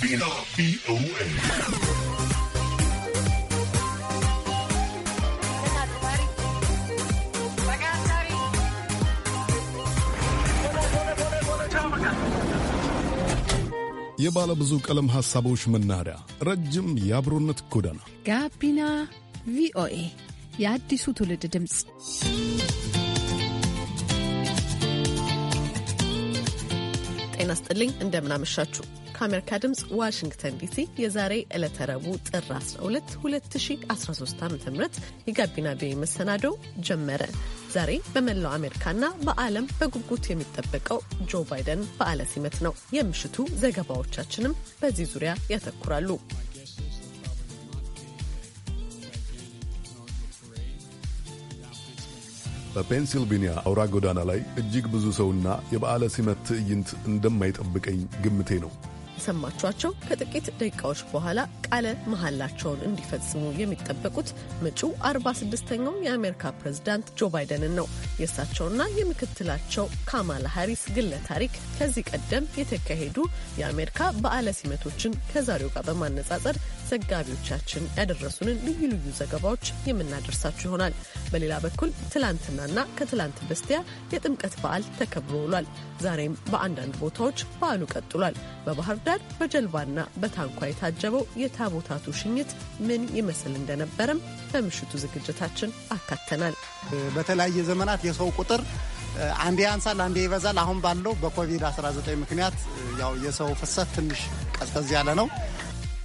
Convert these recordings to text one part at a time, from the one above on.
ጋቢና የባለ ብዙ ቀለም ሐሳቦች መናኸሪያ፣ ረጅም የአብሮነት ጎዳና ጋቢና ቪኦኤ የአዲሱ ትውልድ ድምፅ። ጤና ስጥልኝ እንደምናመሻችሁ ከአሜሪካ ድምፅ ዋሽንግተን ዲሲ የዛሬ ዕለተ ረቡዕ ጥር 12 2013 ዓ ም የጋቢና ቤ መሰናዶው ጀመረ። ዛሬ በመላው አሜሪካና በዓለም በጉጉት የሚጠበቀው ጆ ባይደን በዓለ ሲመት ነው። የምሽቱ ዘገባዎቻችንም በዚህ ዙሪያ ያተኩራሉ። በፔንሲልቬንያ አውራ ጎዳና ላይ እጅግ ብዙ ሰውና የበዓለ ሲመት ትዕይንት እንደማይጠብቀኝ ግምቴ ነው። የሰማችኋቸው ከጥቂት ደቂቃዎች በኋላ ቃለ መሐላቸውን እንዲፈጽሙ የሚጠበቁት መጪው 46ኛው የአሜሪካ ፕሬዝዳንት ጆ ባይደንን ነው። የእሳቸውና የምክትላቸው ካማላ ሀሪስ ግለ ታሪክ ከዚህ ቀደም የተካሄዱ የአሜሪካ በዓለ ሲመቶችን ከዛሬው ጋር በማነጻጸር ዘጋቢዎቻችን ያደረሱንን ልዩ ልዩ ዘገባዎች የምናደርሳችሁ ይሆናል። በሌላ በኩል ትላንትናና ከትላንት በስቲያ የጥምቀት በዓል ተከብሮ ውሏል። ዛሬም በአንዳንድ ቦታዎች በዓሉ ቀጥሏል። በባህር ዳር በጀልባና በታንኳ የታጀበው የታቦታቱ ሽኝት ምን ይመስል እንደነበረም በምሽቱ ዝግጅታችን አካተናል። በተለያየ ዘመናት የሰው ቁጥር አንዴ ያንሳል፣ አንዴ ይበዛል። አሁን ባለው በኮቪድ-19 ምክንያት ያው የሰው ፍሰት ትንሽ ቀዝቀዝ ያለ ነው።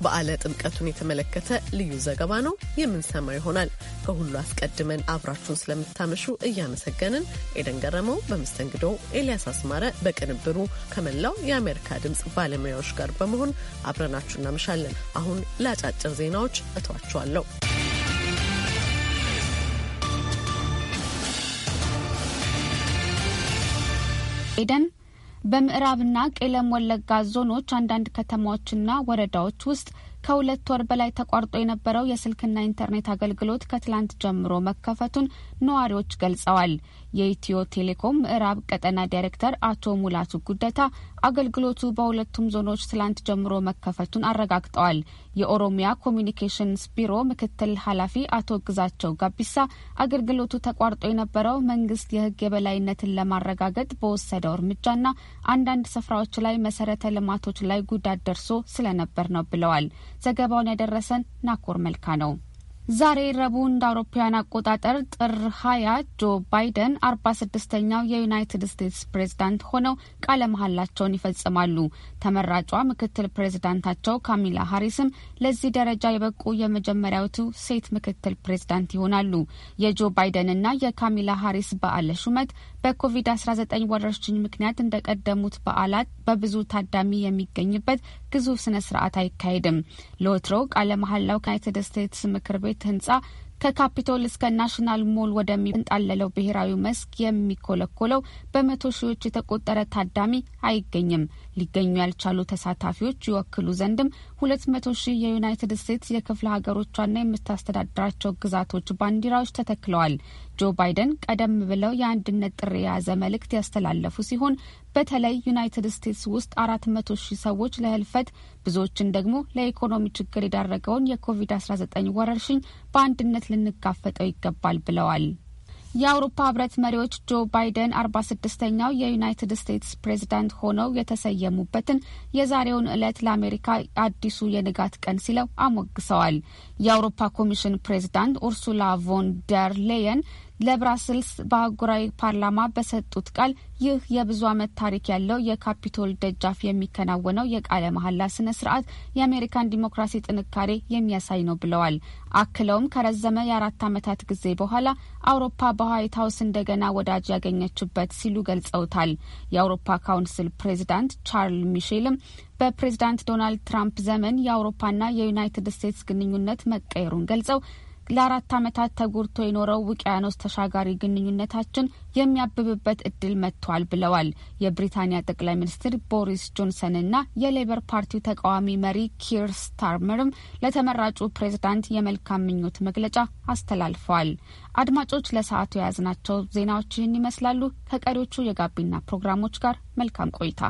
በዓለ ጥምቀቱን የተመለከተ ልዩ ዘገባ ነው የምንሰማው ይሆናል። ከሁሉ አስቀድመን አብራችሁን ስለምታመሹ እያመሰገንን ኤደን ገረመው በመስተንግዶ፣ ኤልያስ አስማረ በቅንብሩ ከመላው የአሜሪካ ድምፅ ባለሙያዎች ጋር በመሆን አብረናችሁ እናመሻለን። አሁን ለአጫጭር ዜናዎች እተዋችኋለሁ። ኤደን በምዕራብና ቄለም ወለጋ ዞኖች አንዳንድ ከተማዎችና ወረዳዎች ውስጥ ከሁለት ወር በላይ ተቋርጦ የነበረው የስልክና ኢንተርኔት አገልግሎት ከትላንት ጀምሮ መከፈቱን ነዋሪዎች ገልጸዋል። የኢትዮ ቴሌኮም ምዕራብ ቀጠና ዳይሬክተር አቶ ሙላቱ ጉደታ አገልግሎቱ በሁለቱም ዞኖች ትላንት ጀምሮ መከፈቱን አረጋግጠዋል። የኦሮሚያ ኮሚኒኬሽንስ ቢሮ ምክትል ኃላፊ አቶ ግዛቸው ጋቢሳ አገልግሎቱ ተቋርጦ የነበረው መንግስት የህግ የበላይነትን ለማረጋገጥ በወሰደው እርምጃና አንዳንድ ስፍራዎች ላይ መሰረተ ልማቶች ላይ ጉዳት ደርሶ ስለነበር ነው ብለዋል። ዘገባውን ያደረሰን ናኮር መልካ ነው። ዛሬ ረቡዕ እንደ አውሮፓውያን አቆጣጠር ጥር ሀያ ጆ ባይደን አርባ ስድስተኛው የዩናይትድ ስቴትስ ፕሬዝዳንት ሆነው ቃለ መሀላቸውን ይፈጽማሉ። ተመራጯ ምክትል ፕሬዝዳንታቸው ካሚላ ሀሪስም ለዚህ ደረጃ የበቁ የመጀመሪያዊቱ ሴት ምክትል ፕሬዝዳንት ይሆናሉ። የጆ ባይደንና የካሚላ ሀሪስ በዓለ ሹመት በኮቪድ-19 ወረርሽኝ ምክንያት እንደቀደሙት በዓላት በብዙ ታዳሚ የሚገኝበት ግዙፍ ስነ ስርዓት አይካሄድም። ለወትሮው ቃለ መሐላው ከዩናይትድ ስቴትስ ምክር ቤት ህንጻ ከካፒቶል እስከ ናሽናል ሞል ወደሚንጣለለው ብሔራዊ መስክ የሚኮለኮለው በመቶ ሺዎች የተቆጠረ ታዳሚ አይገኝም። ሊገኙ ያልቻሉ ተሳታፊዎች ይወክሉ ዘንድም ሁለት መቶ ሺህ የዩናይትድ ስቴትስ የክፍለ ሀገሮቿና የምታስተዳድራቸው ግዛቶች ባንዲራዎች ተተክለዋል። ጆ ባይደን ቀደም ብለው የአንድነት ጥሪ የያዘ መልእክት ያስተላለፉ ሲሆን በተለይ ዩናይትድ ስቴትስ ውስጥ አራት መቶ ሺህ ሰዎች ለህልፈት ብዙዎችን ደግሞ ለኢኮኖሚ ችግር የዳረገውን የኮቪድ-19 ወረርሽኝ በአንድነት ልንጋፈጠው ይገባል ብለዋል። የአውሮፓ ህብረት መሪዎች ጆ ባይደን አርባ ስድስተኛው የዩናይትድ ስቴትስ ፕሬዝዳንት ሆነው የተሰየሙበትን የዛሬውን ዕለት ለአሜሪካ አዲሱ የንጋት ቀን ሲለው አሞግሰዋል። የአውሮፓ ኮሚሽን ፕሬዝዳንት ኡርሱላ ቮን ደር ሌየን ለብራስልስ በአህጉራዊ ፓርላማ በሰጡት ቃል ይህ የብዙ ዓመት ታሪክ ያለው የካፒቶል ደጃፍ የሚከናወነው የቃለ መሐላ ስነ ስርዓት የአሜሪካን ዲሞክራሲ ጥንካሬ የሚያሳይ ነው ብለዋል። አክለውም ከረዘመ የአራት ዓመታት ጊዜ በኋላ አውሮፓ በዋይት ሀውስ እንደገና ወዳጅ ያገኘችበት ሲሉ ገልጸውታል። የአውሮፓ ካውንስል ፕሬዚዳንት ቻርል ሚሼልም በፕሬዚዳንት ዶናልድ ትራምፕ ዘመን የአውሮፓና የዩናይትድ ስቴትስ ግንኙነት መቀየሩን ገልጸው ለአራት ዓመታት ተጎድቶ የኖረው ውቅያኖስ ተሻጋሪ ግንኙነታችን የሚያብብበት እድል መጥቷል ብለዋል። የብሪታንያ ጠቅላይ ሚኒስትር ቦሪስ ጆንሰንና የሌበር ፓርቲው ተቃዋሚ መሪ ኪር ስታርመርም ለተመራጩ ፕሬዝዳንት የመልካም ምኞት መግለጫ አስተላልፈዋል። አድማጮች ለሰዓቱ የያዝናቸው ዜናዎች ይህን ይመስላሉ። ከቀሪዎቹ የጋቢና ፕሮግራሞች ጋር መልካም ቆይታ።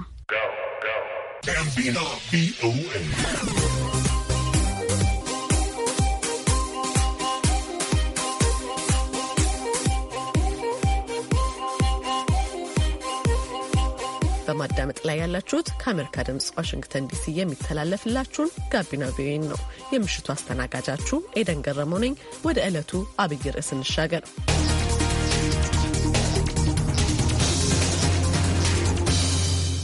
በማዳመጥ ላይ ያላችሁት ከአሜሪካ ድምፅ ዋሽንግተን ዲሲ የሚተላለፍላችሁን ጋቢና ቪኦኤን ነው። የምሽቱ አስተናጋጃችሁ ኤደን ገረመው ነኝ። ወደ ዕለቱ አብይ ርዕስ እንሻገር።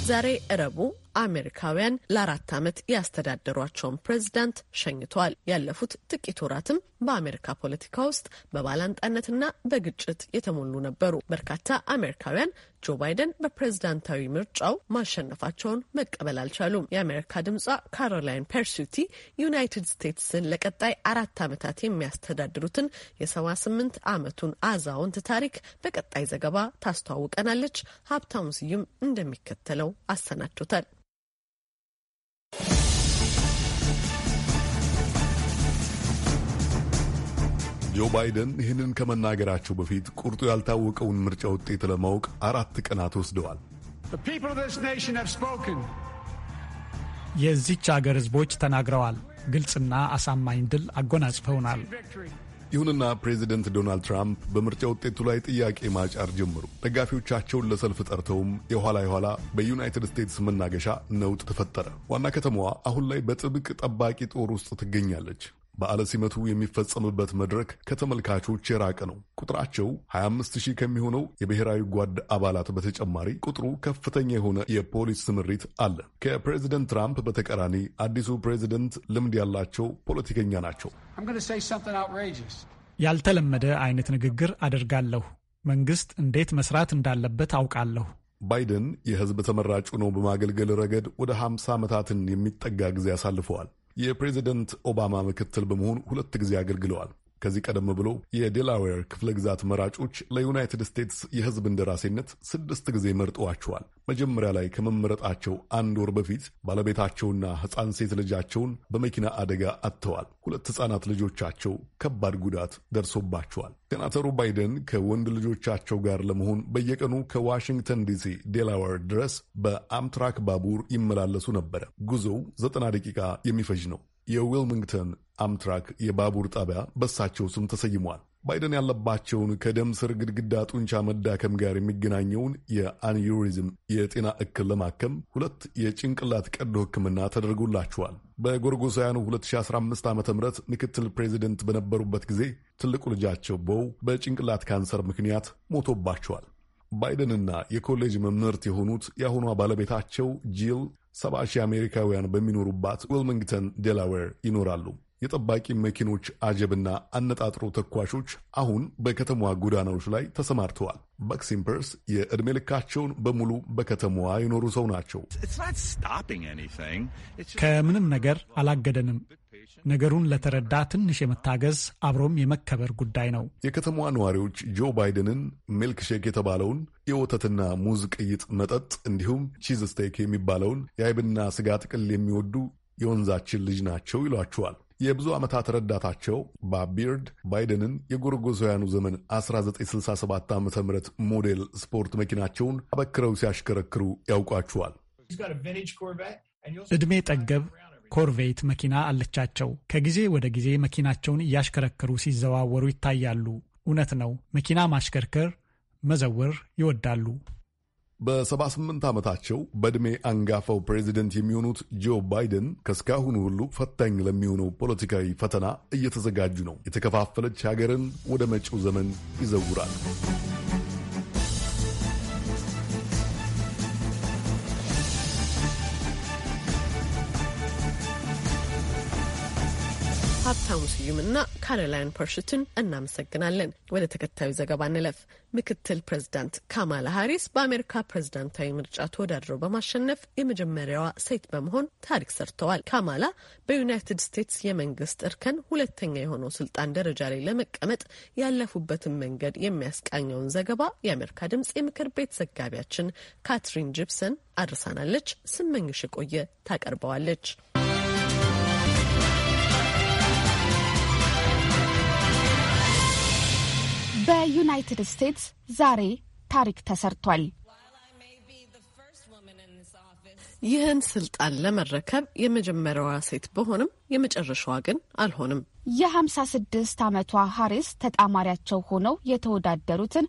ዛሬ እረቡ አሜሪካውያን ለአራት ዓመት ያስተዳደሯቸውን ፕሬዚዳንት ሸኝተዋል። ያለፉት ጥቂት ወራትም በአሜሪካ ፖለቲካ ውስጥ በባላንጣነትና በግጭት የተሞሉ ነበሩ። በርካታ አሜሪካውያን ጆ ባይደን በፕሬዝዳንታዊ ምርጫው ማሸነፋቸውን መቀበል አልቻሉም። የአሜሪካ ድምጿ ካሮላይን ፐርሱቲ ዩናይትድ ስቴትስን ለቀጣይ አራት ዓመታት የሚያስተዳድሩትን የሰባ 78 ዓመቱን አዛውንት ታሪክ በቀጣይ ዘገባ ታስተዋውቀናለች። ሀብታሙ ስዩም እንደሚከተለው አሰናድቶታል። ጆ ባይደን ይህንን ከመናገራቸው በፊት ቁርጡ ያልታወቀውን ምርጫ ውጤት ለማወቅ አራት ቀናት ወስደዋል። የዚች አገር ሕዝቦች ተናግረዋል። ግልጽና አሳማኝ ድል አጎናጽፈውናል። ይሁንና ፕሬዚደንት ዶናልድ ትራምፕ በምርጫ ውጤቱ ላይ ጥያቄ ማጫር ጀምሩ። ደጋፊዎቻቸውን ለሰልፍ ጠርተውም የኋላ የኋላ በዩናይትድ ስቴትስ መናገሻ ነውጥ ተፈጠረ። ዋና ከተማዋ አሁን ላይ በጥብቅ ጠባቂ ጦር ውስጥ ትገኛለች። በዓለ ሲመቱ የሚፈጸምበት መድረክ ከተመልካቾች የራቀ ነው። ቁጥራቸው 25 ሺህ ከሚሆነው የብሔራዊ ጓድ አባላት በተጨማሪ ቁጥሩ ከፍተኛ የሆነ የፖሊስ ስምሪት አለ። ከፕሬዚደንት ትራምፕ በተቃራኒ አዲሱ ፕሬዚደንት ልምድ ያላቸው ፖለቲከኛ ናቸው። ያልተለመደ አይነት ንግግር አደርጋለሁ። መንግስት እንዴት መስራት እንዳለበት አውቃለሁ። ባይደን የህዝብ ተመራጩ ነው በማገልገል ረገድ ወደ 50 ዓመታትን የሚጠጋ ጊዜ አሳልፈዋል። የፕሬዚደንት ኦባማ ምክትል በመሆን ሁለት ጊዜ አገልግለዋል። ከዚህ ቀደም ብሎ የዴላዌር ክፍለ ግዛት መራጮች ለዩናይትድ ስቴትስ የሕዝብ እንደራሴነት ስድስት ጊዜ መርጠዋቸዋል። መጀመሪያ ላይ ከመመረጣቸው አንድ ወር በፊት ባለቤታቸውና ሕፃን ሴት ልጃቸውን በመኪና አደጋ አጥተዋል። ሁለት ሕፃናት ልጆቻቸው ከባድ ጉዳት ደርሶባቸዋል። ሴናተሩ ባይደን ከወንድ ልጆቻቸው ጋር ለመሆን በየቀኑ ከዋሽንግተን ዲሲ ዴላዌር ድረስ በአምትራክ ባቡር ይመላለሱ ነበረ። ጉዞው ዘጠና ደቂቃ የሚፈጅ ነው። የዊልሚንግተን አምትራክ የባቡር ጣቢያ በሳቸው ስም ተሰይሟል። ባይደን ያለባቸውን ከደም ስር ግድግዳ ጡንቻ መዳከም ጋር የሚገናኘውን የአንዩሪዝም የጤና እክል ለማከም ሁለት የጭንቅላት ቀዶ ሕክምና ተደርጎላቸዋል። በጎርጎሳውያኑ 2015 ዓ ም ምክትል ፕሬዚደንት በነበሩበት ጊዜ ትልቁ ልጃቸው በው በጭንቅላት ካንሰር ምክንያት ሞቶባቸዋል። ባይደንና የኮሌጅ መምህርት የሆኑት የአሁኗ ባለቤታቸው ጂል 70 ሺህ አሜሪካውያን በሚኖሩባት ዊልሚንግተን ዴላዌር ይኖራሉ። የጠባቂ መኪኖች አጀብና አነጣጥሮ ተኳሾች አሁን በከተማዋ ጎዳናዎች ላይ ተሰማርተዋል። ባክሲምፐርስ የዕድሜ ልካቸውን በሙሉ በከተማዋ የኖሩ ሰው ናቸው። ከምንም ነገር አላገደንም። ነገሩን ለተረዳ ትንሽ የመታገዝ አብሮም የመከበር ጉዳይ ነው። የከተማዋ ነዋሪዎች ጆ ባይደንን ሚልክሼክ የተባለውን የወተትና ሙዝ ቅይጥ መጠጥ እንዲሁም ቺዝ ስቴክ የሚባለውን የአይብና ስጋ ጥቅል የሚወዱ የወንዛችን ልጅ ናቸው ይሏቸዋል። የብዙ ዓመታት ረዳታቸው ባቢርድ ባይደንን የጎረጎሳውያኑ ዘመን 1967 ዓ ም ሞዴል ስፖርት መኪናቸውን አበክረው ሲያሽከረክሩ ያውቋቸዋል። እድሜ ጠገብ ኮርቬት መኪና አለቻቸው። ከጊዜ ወደ ጊዜ መኪናቸውን እያሽከረከሩ ሲዘዋወሩ ይታያሉ። እውነት ነው፣ መኪና ማሽከርከር፣ መዘወር ይወዳሉ። በ78 ዓመታቸው በዕድሜ አንጋፋው ፕሬዚደንት የሚሆኑት ጆ ባይደን ከእስካሁኑ ሁሉ ፈታኝ ለሚሆነው ፖለቲካዊ ፈተና እየተዘጋጁ ነው። የተከፋፈለች ሀገርን ወደ መጪው ዘመን ይዘውራል። ሀብታሙ ስዩምና ካሮላይን ፐርሽትን እናመሰግናለን። ወደ ተከታዩ ዘገባ እንለፍ። ምክትል ፕሬዚዳንት ካማላ ሀሪስ በአሜሪካ ፕሬዚዳንታዊ ምርጫ ተወዳድረው በማሸነፍ የመጀመሪያዋ ሴት በመሆን ታሪክ ሰርተዋል። ካማላ በዩናይትድ ስቴትስ የመንግስት እርከን ሁለተኛ የሆነው ስልጣን ደረጃ ላይ ለመቀመጥ ያለፉበትን መንገድ የሚያስቃኘውን ዘገባ የአሜሪካ ድምጽ የምክር ቤት ዘጋቢያችን ካትሪን ጂፕሰን አድርሳናለች። ስመኝሽ ቆየ ታቀርበዋለች። በዩናይትድ ስቴትስ ዛሬ ታሪክ ተሰርቷል። ይህን ስልጣን ለመረከብ የመጀመሪያዋ ሴት በሆንም የመጨረሻዋ ግን አልሆንም። የ56 ዓመቷ ሀሪስ ተጣማሪያቸው ሆነው የተወዳደሩትን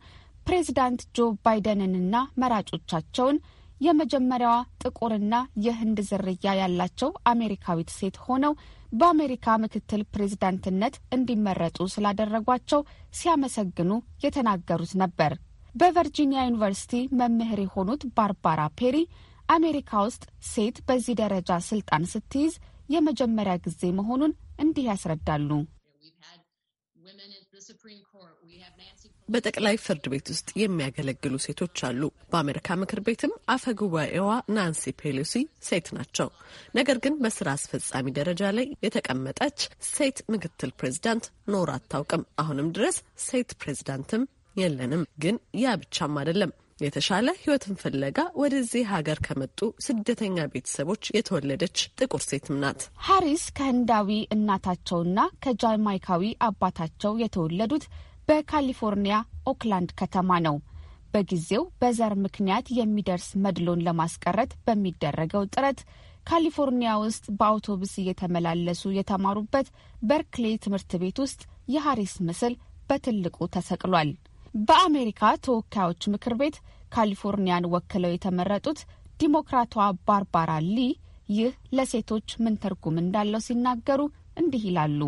ፕሬዚዳንት ጆ ባይደንንና መራጮቻቸውን የመጀመሪያዋ ጥቁርና የህንድ ዝርያ ያላቸው አሜሪካዊት ሴት ሆነው በአሜሪካ ምክትል ፕሬዝዳንትነት እንዲመረጡ ስላደረጓቸው ሲያመሰግኑ የተናገሩት ነበር። በቨርጂኒያ ዩኒቨርሲቲ መምህር የሆኑት ባርባራ ፔሪ አሜሪካ ውስጥ ሴት በዚህ ደረጃ ስልጣን ስትይዝ የመጀመሪያ ጊዜ መሆኑን እንዲህ ያስረዳሉ። በጠቅላይ ፍርድ ቤት ውስጥ የሚያገለግሉ ሴቶች አሉ። በአሜሪካ ምክር ቤትም አፈ ጉባኤዋ ናንሲ ፔሎሲ ሴት ናቸው። ነገር ግን በስራ አስፈጻሚ ደረጃ ላይ የተቀመጠች ሴት ምክትል ፕሬዚዳንት ኖር አታውቅም። አሁንም ድረስ ሴት ፕሬዚዳንትም የለንም። ግን ያ ብቻም አይደለም። የተሻለ ህይወትን ፍለጋ ወደዚህ ሀገር ከመጡ ስደተኛ ቤተሰቦች የተወለደች ጥቁር ሴትም ናት። ሀሪስ ከህንዳዊ እናታቸውና ከጃማይካዊ አባታቸው የተወለዱት በካሊፎርኒያ ኦክላንድ ከተማ ነው። በጊዜው በዘር ምክንያት የሚደርስ መድሎን ለማስቀረት በሚደረገው ጥረት ካሊፎርኒያ ውስጥ በአውቶቡስ እየተመላለሱ የተማሩበት በርክሌ ትምህርት ቤት ውስጥ የሀሪስ ምስል በትልቁ ተሰቅሏል። በአሜሪካ ተወካዮች ምክር ቤት ካሊፎርኒያን ወክለው የተመረጡት ዲሞክራቷ ባርባራ ሊ ይህ ለሴቶች ምን ትርጉም እንዳለው ሲናገሩ እንዲህ ይላሉ።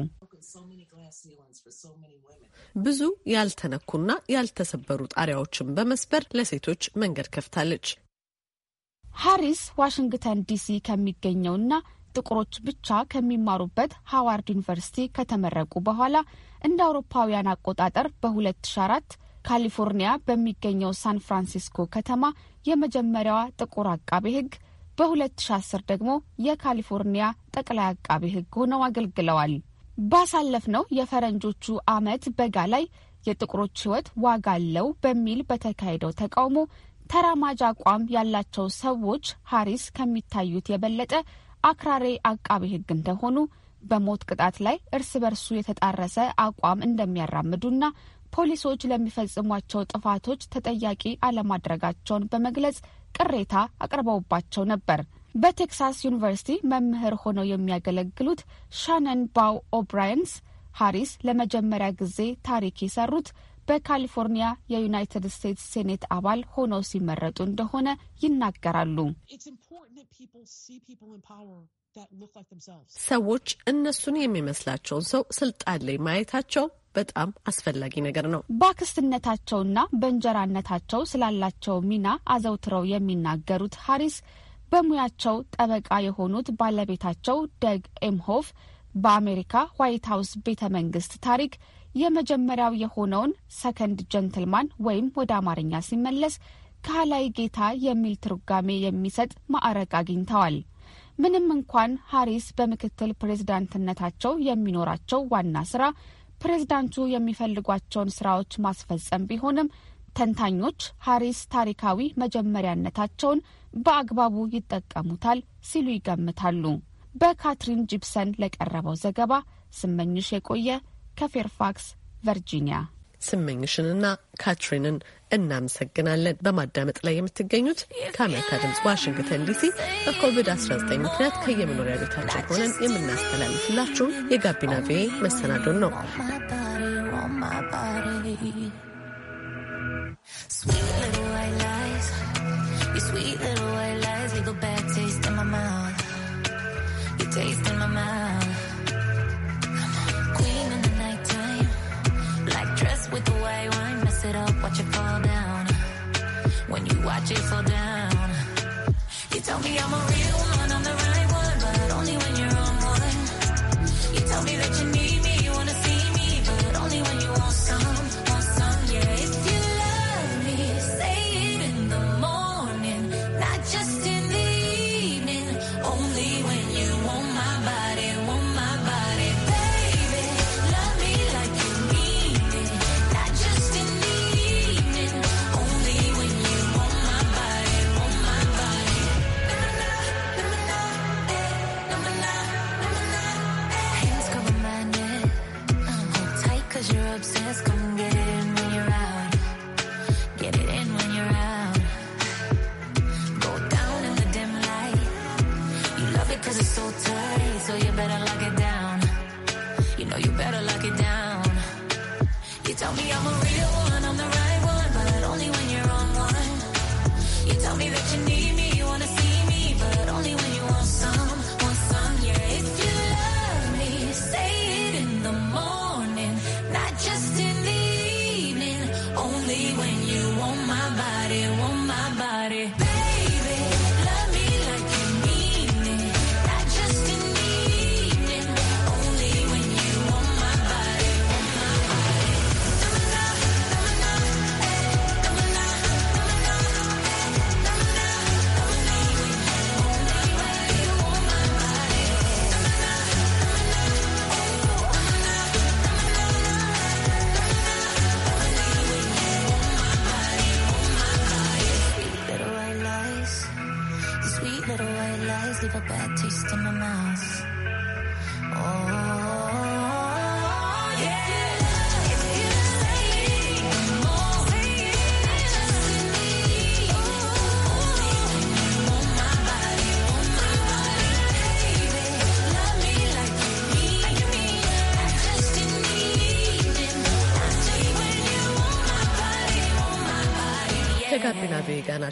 ብዙ ያልተነኩና ያልተሰበሩ ጣሪያዎችን በመስበር ለሴቶች መንገድ ከፍታለች። ሃሪስ ዋሽንግተን ዲሲ ከሚገኘውና ጥቁሮች ብቻ ከሚማሩበት ሃዋርድ ዩኒቨርሲቲ ከተመረቁ በኋላ እንደ አውሮፓውያን አቆጣጠር በ2004 ካሊፎርኒያ በሚገኘው ሳን ፍራንሲስኮ ከተማ የመጀመሪያዋ ጥቁር አቃቤ ሕግ በ2010 ደግሞ የካሊፎርኒያ ጠቅላይ አቃቤ ሕግ ሆነው አገልግለዋል። ባሳለፍነው የፈረንጆቹ አመት በጋ ላይ የጥቁሮች ሕይወት ዋጋ አለው በሚል በተካሄደው ተቃውሞ ተራማጅ አቋም ያላቸው ሰዎች ሀሪስ ከሚታዩት የበለጠ አክራሬ አቃቤ ህግ እንደሆኑ በሞት ቅጣት ላይ እርስ በርሱ የተጣረሰ አቋም እንደሚያራምዱና ፖሊሶች ለሚፈጽሟቸው ጥፋቶች ተጠያቂ አለማድረጋቸውን በመግለጽ ቅሬታ አቅርበውባቸው ነበር። በቴክሳስ ዩኒቨርሲቲ መምህር ሆነው የሚያገለግሉት ሻነን ባው ኦብራየንስ ሃሪስ ለመጀመሪያ ጊዜ ታሪክ የሰሩት በካሊፎርኒያ የዩናይትድ ስቴትስ ሴኔት አባል ሆነው ሲመረጡ እንደሆነ ይናገራሉ። ሰዎች እነሱን የሚመስላቸውን ሰው ስልጣን ላይ ማየታቸው በጣም አስፈላጊ ነገር ነው። በአክስትነታቸውና በእንጀራነታቸው ስላላቸው ሚና አዘውትረው የሚናገሩት ሃሪስ በሙያቸው ጠበቃ የሆኑት ባለቤታቸው ደግ ኤምሆፍ በአሜሪካ ዋይት ሀውስ ቤተ መንግስት ታሪክ የመጀመሪያው የሆነውን ሰከንድ ጀንትልማን ወይም ወደ አማርኛ ሲመለስ ካህላይ ጌታ የሚል ትርጓሜ የሚሰጥ ማዕረግ አግኝተዋል። ምንም እንኳን ሀሪስ በምክትል ፕሬዝዳንትነታቸው የሚኖራቸው ዋና ስራ ፕሬዝዳንቱ የሚፈልጓቸውን ስራዎች ማስፈጸም ቢሆንም ተንታኞች ሀሪስ ታሪካዊ መጀመሪያነታቸውን በአግባቡ ይጠቀሙታል ሲሉ ይገምታሉ። በካትሪን ጂፕሰን ለቀረበው ዘገባ ስመኝሽ የቆየ ከፌርፋክስ ቨርጂኒያ። ስመኝሽንና ካትሪንን እናመሰግናለን። በማዳመጥ ላይ የምትገኙት ከአሜሪካ ድምፅ ዋሽንግተን ዲሲ በኮቪድ-19 ምክንያት ከየመኖሪያ ቤታቸው ሆነን የምናስተላልፍላችሁ የጋቢና ቪኦኤ መሰናዶን ነው። Sweet little white lies, your sweet little white lies leave a bad taste in my mouth. You taste in my mouth. Queen in the nighttime, black dress with the white wine, mess it up, watch it fall down. When you watch it fall down, you tell me I'm a real. bad taste in my mouth.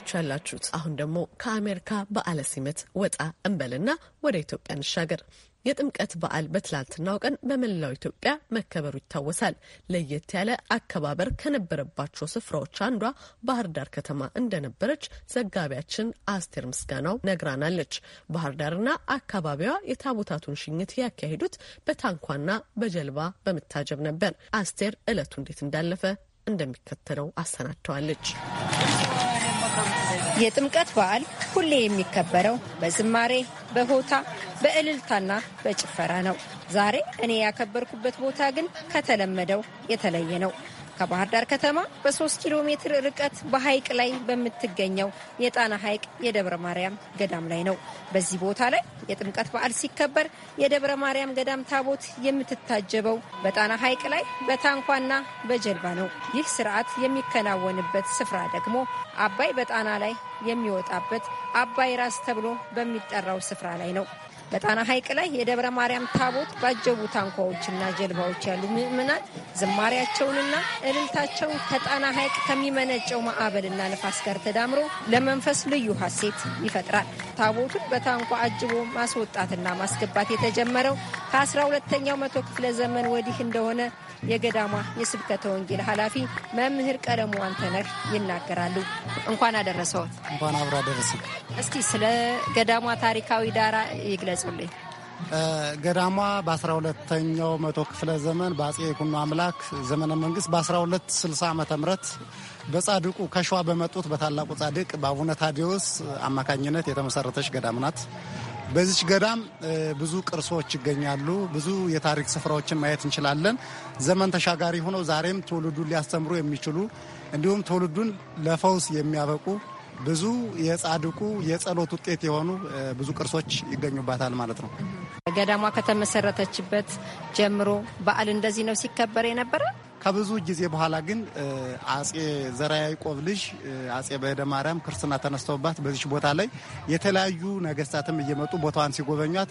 እያደመጣችሁ ያላችሁት። አሁን ደግሞ ከአሜሪካ በዓለ ሲመት ወጣ እንበልና ወደ ኢትዮጵያ እንሻገር። የጥምቀት በዓል በትላንትናው ቀን በመላው ኢትዮጵያ መከበሩ ይታወሳል። ለየት ያለ አከባበር ከነበረባቸው ስፍራዎች አንዷ ባህር ዳር ከተማ እንደነበረች ዘጋቢያችን አስቴር ምስጋናው ነግራናለች። ባህር ዳርና አካባቢዋ የታቦታቱን ሽኝት ያካሄዱት በታንኳና በጀልባ በመታጀብ ነበር። አስቴር ዕለቱ እንዴት እንዳለፈ እንደሚከተለው አሰናድተዋለች። የጥምቀት በዓል ሁሌ የሚከበረው በዝማሬ በሆታ በእልልታና በጭፈራ ነው። ዛሬ እኔ ያከበርኩበት ቦታ ግን ከተለመደው የተለየ ነው። ከባህር ዳር ከተማ በሶስት ኪሎ ሜትር ርቀት በሐይቅ ላይ በምትገኘው የጣና ሐይቅ የደብረ ማርያም ገዳም ላይ ነው። በዚህ ቦታ ላይ የጥምቀት በዓል ሲከበር የደብረ ማርያም ገዳም ታቦት የምትታጀበው በጣና ሐይቅ ላይ በታንኳና በጀልባ ነው። ይህ ስርዓት የሚከናወንበት ስፍራ ደግሞ አባይ በጣና ላይ የሚወጣበት አባይ ራስ ተብሎ በሚጠራው ስፍራ ላይ ነው። በጣና ሐይቅ ላይ የደብረ ማርያም ታቦት ባጀቡ ታንኳዎችና ጀልባዎች ያሉ ምዕመናን ዝማሪያቸውንና እልልታቸውን ከጣና ሐይቅ ከሚመነጨው ማዕበልና ንፋስ ጋር ተዳምሮ ለመንፈስ ልዩ ሐሴት ይፈጥራል። ታቦቱን በታንኳ አጅቦ ማስወጣትና ማስገባት የተጀመረው ከ ሁለተኛው መቶ ክፍለ ዘመን ወዲህ እንደሆነ የገዳማ የስብከተ ወንጌል ኃላፊ መምህር ቀለሙ አንተነህ ይናገራሉ። እንኳን አደረሰዎት። እንኳን አብሮ አደረሰ። እስቲ ስለ ገዳሟ ታሪካዊ ዳራ ይግለጽ። ይግለጹልኝ። ገዳሟ በአስራ ሁለተኛው መቶ ክፍለ ዘመን በአጼ ይኩኖ አምላክ ዘመነ መንግስት በ1260 ዓመተ ምህረት በጻድቁ ከሸዋ በመጡት በታላቁ ጻድቅ በአቡነ ታዲዎስ አማካኝነት የተመሰረተች ገዳም ናት። በዚች ገዳም ብዙ ቅርሶች ይገኛሉ። ብዙ የታሪክ ስፍራዎችን ማየት እንችላለን። ዘመን ተሻጋሪ ሆነው ዛሬም ትውልዱን ሊያስተምሩ የሚችሉ እንዲሁም ትውልዱን ለፈውስ የሚያበቁ ብዙ የጻድቁ የጸሎት ውጤት የሆኑ ብዙ ቅርሶች ይገኙባታል ማለት ነው። ገዳሟ ከተመሰረተችበት ጀምሮ በዓል እንደዚህ ነው ሲከበር የነበረ። ከብዙ ጊዜ በኋላ ግን አጼ ዘርዓ ያዕቆብ ልጅ አጼ በእደ ማርያም ክርስትና ተነስተውባት በዚች ቦታ ላይ የተለያዩ ነገስታትም እየመጡ ቦታዋን ሲጎበኟት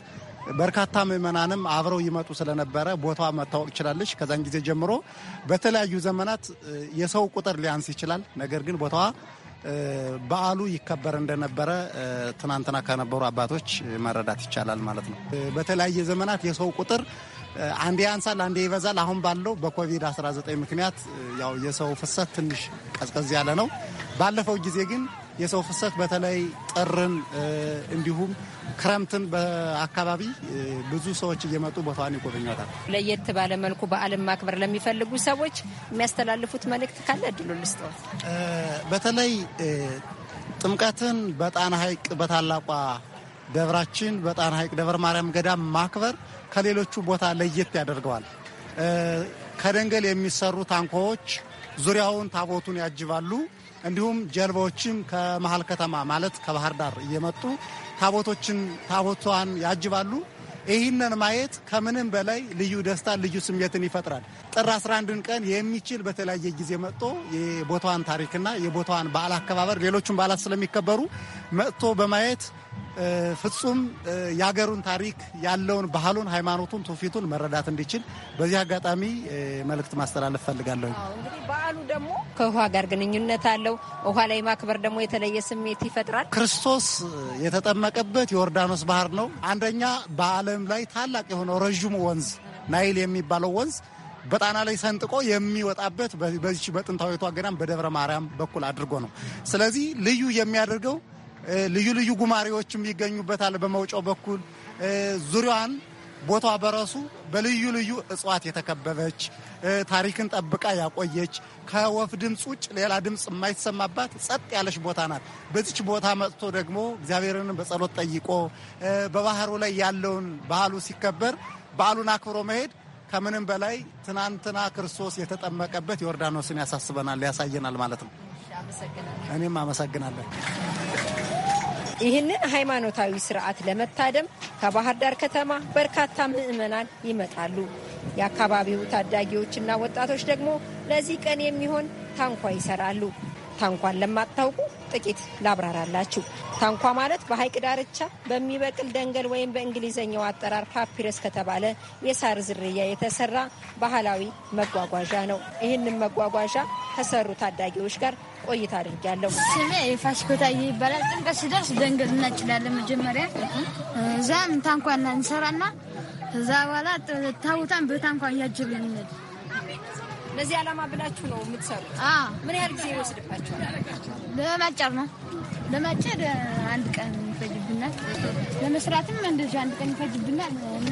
በርካታ ምዕመናንም አብረው ይመጡ ስለነበረ ቦታዋ መታወቅ ይችላለች። ከዛን ጊዜ ጀምሮ በተለያዩ ዘመናት የሰው ቁጥር ሊያንስ ይችላል፣ ነገር ግን ቦታዋ በዓሉ ይከበር እንደነበረ ትናንትና ከነበሩ አባቶች መረዳት ይቻላል ማለት ነው። በተለያየ ዘመናት የሰው ቁጥር አንዴ ያንሳል፣ አንዴ ይበዛል። አሁን ባለው በኮቪድ-19 ምክንያት ያው የሰው ፍሰት ትንሽ ቀዝቀዝ ያለ ነው። ባለፈው ጊዜ ግን የሰው ፍሰት በተለይ ጥርን እንዲሁም ክረምትን በአካባቢ ብዙ ሰዎች እየመጡ ቦታዋን ይጎበኛታል። ለየት ባለ መልኩ በዓልን ማክበር ለሚፈልጉ ሰዎች የሚያስተላልፉት መልእክት ካለ እድሉ ልስጠዎት። በተለይ ጥምቀትን በጣና ሐይቅ በታላቋ ደብራችን በጣና ሐይቅ ደብረ ማርያም ገዳም ማክበር ከሌሎቹ ቦታ ለየት ያደርገዋል። ከደንገል የሚሰሩ ታንኳዎች ዙሪያውን ታቦቱን ያጅባሉ። እንዲሁም ጀልባዎችም ከመሀል ከተማ ማለት ከባህር ዳር እየመጡ ታቦቶችን ታቦቷን ያጅባሉ። ይህንን ማየት ከምንም በላይ ልዩ ደስታ ልዩ ስሜትን ይፈጥራል። ጥር 11 ቀን የሚችል በተለያየ ጊዜ መጥቶ የቦታዋን ታሪክና የቦታዋን በዓል አከባበር ሌሎቹን በዓላት ስለሚከበሩ መጥቶ በማየት ፍጹም የሀገሩን ታሪክ ያለውን ባህሉን፣ ሃይማኖቱን፣ ትውፊቱን መረዳት እንዲችል በዚህ አጋጣሚ መልእክት ማስተላለፍ ፈልጋለሁ። እንግዲህ በዓሉ ደግሞ ከውሃ ጋር ግንኙነት አለው። ውሃ ላይ ማክበር ደግሞ የተለየ ስሜት ይፈጥራል። ክርስቶስ የተጠመቀበት ዮርዳኖስ ባህር ነው። አንደኛ በዓለም ላይ ታላቅ የሆነው ረዥሙ ወንዝ ናይል የሚባለው ወንዝ በጣና ላይ ሰንጥቆ የሚወጣበት በዚህ በጥንታዊቷ ገዳም በደብረ ማርያም በኩል አድርጎ ነው። ስለዚህ ልዩ የሚያደርገው ልዩ ልዩ ጉማሬዎችም ይገኙበታል። በመውጫው በኩል ዙሪያዋን ቦታ በራሱ በልዩ ልዩ እጽዋት የተከበበች ታሪክን ጠብቃ ያቆየች ከወፍ ድምፅ ውጭ ሌላ ድምፅ የማይሰማባት ጸጥ ያለች ቦታ ናት። በዚች ቦታ መጥቶ ደግሞ እግዚአብሔርን በጸሎት ጠይቆ በባህሩ ላይ ያለውን ባህሉ ሲከበር በዓሉን አክብሮ መሄድ ከምንም በላይ ትናንትና ክርስቶስ የተጠመቀበት ዮርዳኖስን ያሳስበናል፣ ያሳየናል ማለት ነው። እኔም አመሰግናለን። ይህንን ሃይማኖታዊ ስርዓት ለመታደም ከባህር ዳር ከተማ በርካታ ምዕመናን ይመጣሉ። የአካባቢው ታዳጊዎችና ወጣቶች ደግሞ ለዚህ ቀን የሚሆን ታንኳ ይሰራሉ። ታንኳን ለማታውቁ ጥቂት ላብራራላችሁ። ታንኳ ማለት በሀይቅ ዳርቻ በሚበቅል ደንገል ወይም በእንግሊዝኛው አጠራር ፓፒረስ ከተባለ የሳር ዝርያ የተሰራ ባህላዊ መጓጓዣ ነው። ይህንን መጓጓዣ ከሰሩ ታዳጊዎች ጋር ቆይታ አድርጊያለሁ። ስሜ ፋሲኮታዬ ይባላል። ጥምቀት ሲደርስ ደንገል እናችላለን። መጀመሪያ እዛም ታንኳ እንሰራና እዛ በኋላ ታቦታን በታንኳ እያጀብን እንሄድ ለዚህ ዓላማ ብላችሁ ነው የምትሰሩት? ምን ያህል ጊዜ ይወስድባችኋል? ለማጨር ነው። ለማጨር አንድ ቀን ይፈጅብናል። ለመስራትም እንደዚህ አንድ ቀን ይፈጅብናል እና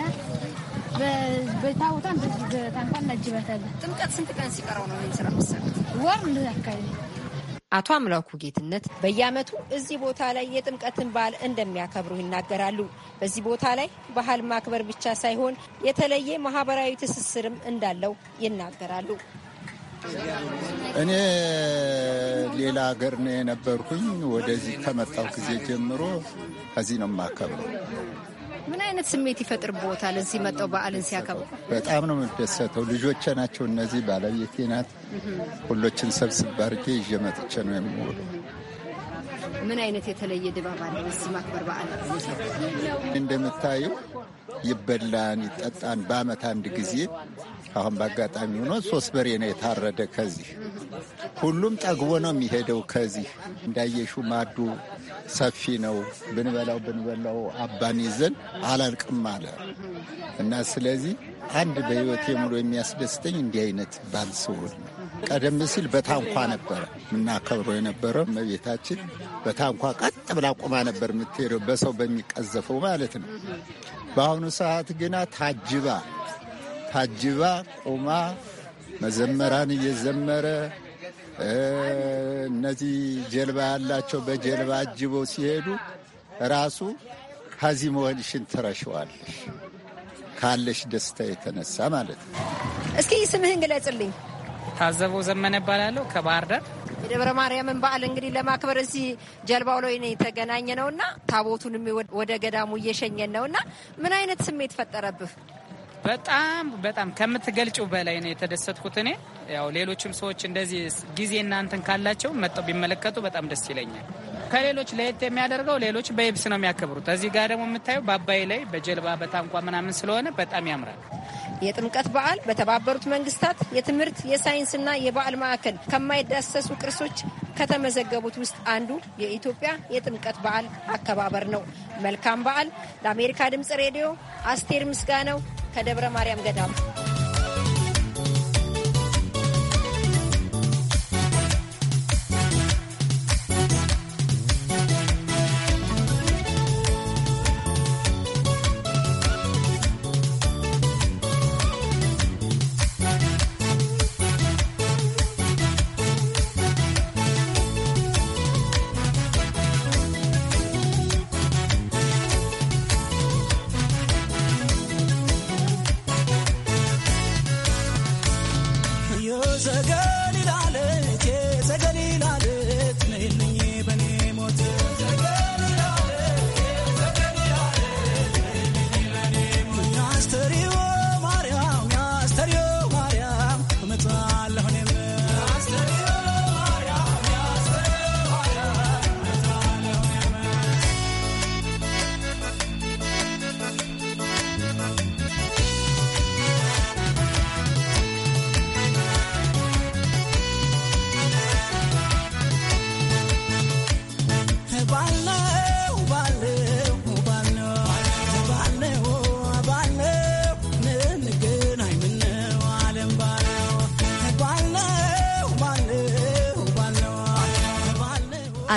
በታቦታን በታንኳ እናጅበታለን። ጥምቀት ስንት ቀን ሲቀረው ነው ስራ ወር እንደዚህ አካባቢ አቶ አምላኩ ጌትነት በየዓመቱ እዚህ ቦታ ላይ የጥምቀትን በዓል እንደሚያከብሩ ይናገራሉ። በዚህ ቦታ ላይ ባህል ማክበር ብቻ ሳይሆን የተለየ ማህበራዊ ትስስርም እንዳለው ይናገራሉ። እኔ ሌላ ሀገር ነው የነበርኩኝ። ወደዚህ ከመጣው ጊዜ ጀምሮ ከዚህ ነው የማከብረው ምን አይነት ስሜት ይፈጥርብዎታል? እዚህ መጠው በዓልን ሲያከብሩ በጣም ነው የምደሰተው። ልጆቼ ናቸው እነዚህ፣ ባለቤቴ ናት። ሁሎችን ሰብስብ አድርጌ ይዤ መጥቼ ነው የምውሉ። ምን አይነት የተለየ ድባብ አለ እዚህ ማክበር በዓል? እንደምታዩ ይበላን ይጠጣን። በአመት አንድ ጊዜ አሁን በአጋጣሚ ሆኖ ሶስት በሬ ነው የታረደ። ከዚህ ሁሉም ጠግቦ ነው የሚሄደው። ከዚህ እንዳየሹ ማዱ ሰፊ ነው። ብንበላው ብንበላው አባን ይዘን አላልቅም አለ እና ስለዚህ አንድ በህይወት የምሎ የሚያስደስተኝ እንዲህ አይነት ባል ስሆን ነው። ቀደም ሲል በታንኳ ነበረ የምናከብረው የነበረው። እመቤታችን በታንኳ ቀጥ ብላ ቁማ ነበር የምትሄደው፣ በሰው በሚቀዘፈው ማለት ነው። በአሁኑ ሰዓት ግና ታጅባ ታጅባ ቁማ መዘመራን እየዘመረ እነዚህ ጀልባ ያላቸው በጀልባ አጅበ ሲሄዱ ራሱ ከዚህ መሆንሽን ትረሸዋለሽ ካለሽ ደስታ የተነሳ ማለት ነው። እስኪ ስምህን ግለጽልኝ። ታዘበው ዘመነ እባላለሁ ከባህር ዳር። የደብረ ማርያምን በዓል እንግዲህ ለማክበር እዚህ ጀልባው ላይ ነው የተገናኘ ነውና ታቦቱንም ወደ ገዳሙ እየሸኘን ነውና ምን አይነት ስሜት ፈጠረብህ? በጣም በጣም ከምትገልጭው በላይ ነው የተደሰትኩት እኔ ያው ሌሎችም ሰዎች እንደዚህ ጊዜ እናንተን ካላቸው መጠው ቢመለከቱ በጣም ደስ ይለኛል። ከሌሎች ለየት የሚያደርገው ሌሎች በየብስ ነው የሚያከብሩት። እዚህ ጋር ደግሞ የምታየው በአባይ ላይ በጀልባ በታንኳ ምናምን ስለሆነ በጣም ያምራል። የጥምቀት በዓል በተባበሩት መንግስታት የትምህርት የሳይንስና የበዓል ማዕከል ከማይዳሰሱ ቅርሶች ከተመዘገቡት ውስጥ አንዱ የኢትዮጵያ የጥምቀት በዓል አከባበር ነው። መልካም በዓል። ለአሜሪካ ድምፅ ሬዲዮ አስቴር ምስጋናው ከደብረ ማርያም ገዳም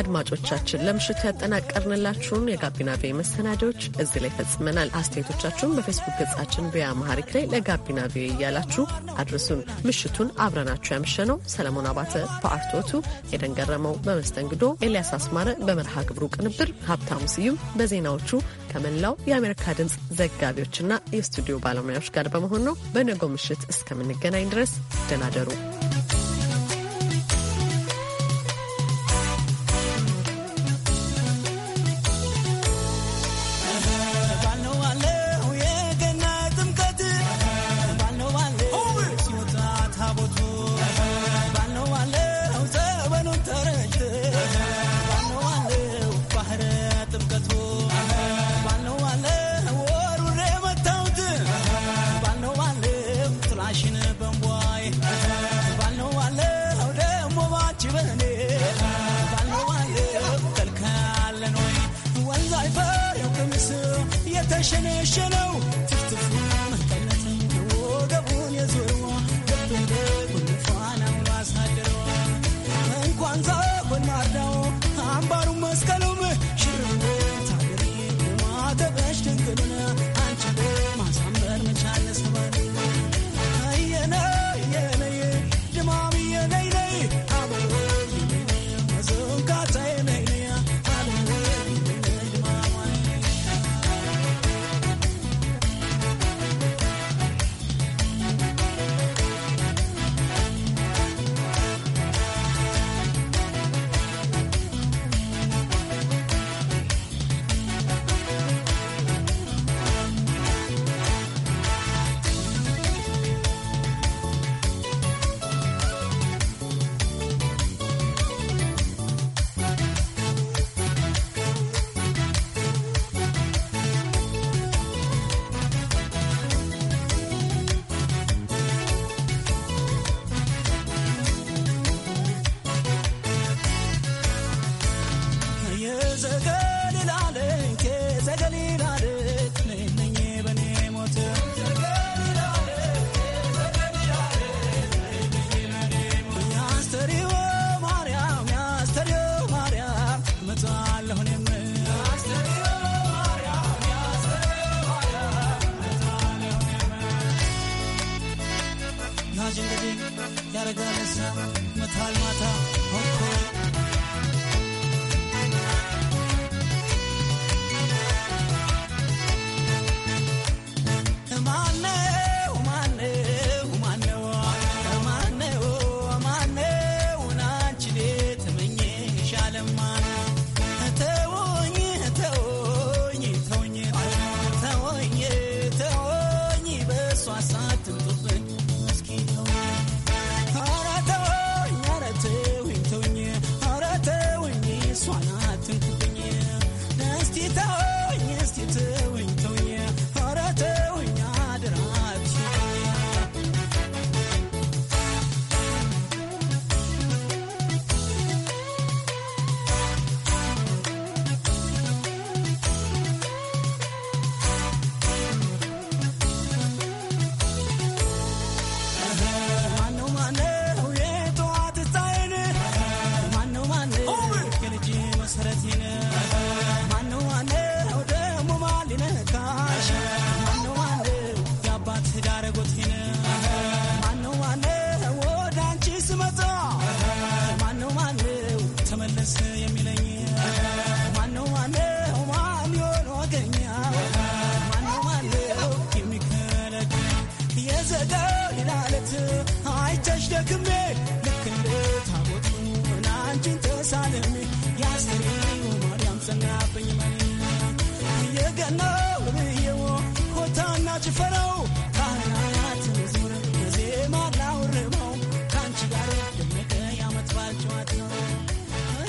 አድማጮቻችን ለምሽቱ ያጠናቀርንላችሁን የጋቢና ቪ መሰናዶዎች እዚህ ላይ ፈጽመናል። አስተያየቶቻችሁን በፌስቡክ ገጻችን ቪያ ላይ ለጋቢና ቪ እያላችሁ አድርሱን። ምሽቱን አብረናችሁ ያመሸነው ሰለሞን አባተ በአርቶቱ፣ ኤደን ገረመው በመስተንግዶ፣ ኤልያስ አስማረ በመርሃ ግብሩ ቅንብር፣ ሀብታሙ ስዩም በዜናዎቹ ከመላው የአሜሪካ ድምፅ ዘጋቢዎችና የስቱዲዮ ባለሙያዎች ጋር በመሆን ነው። በነገው ምሽት እስከምንገናኝ ድረስ ደናደሩ። ወዳጅ መታል ማታ ሆንኮ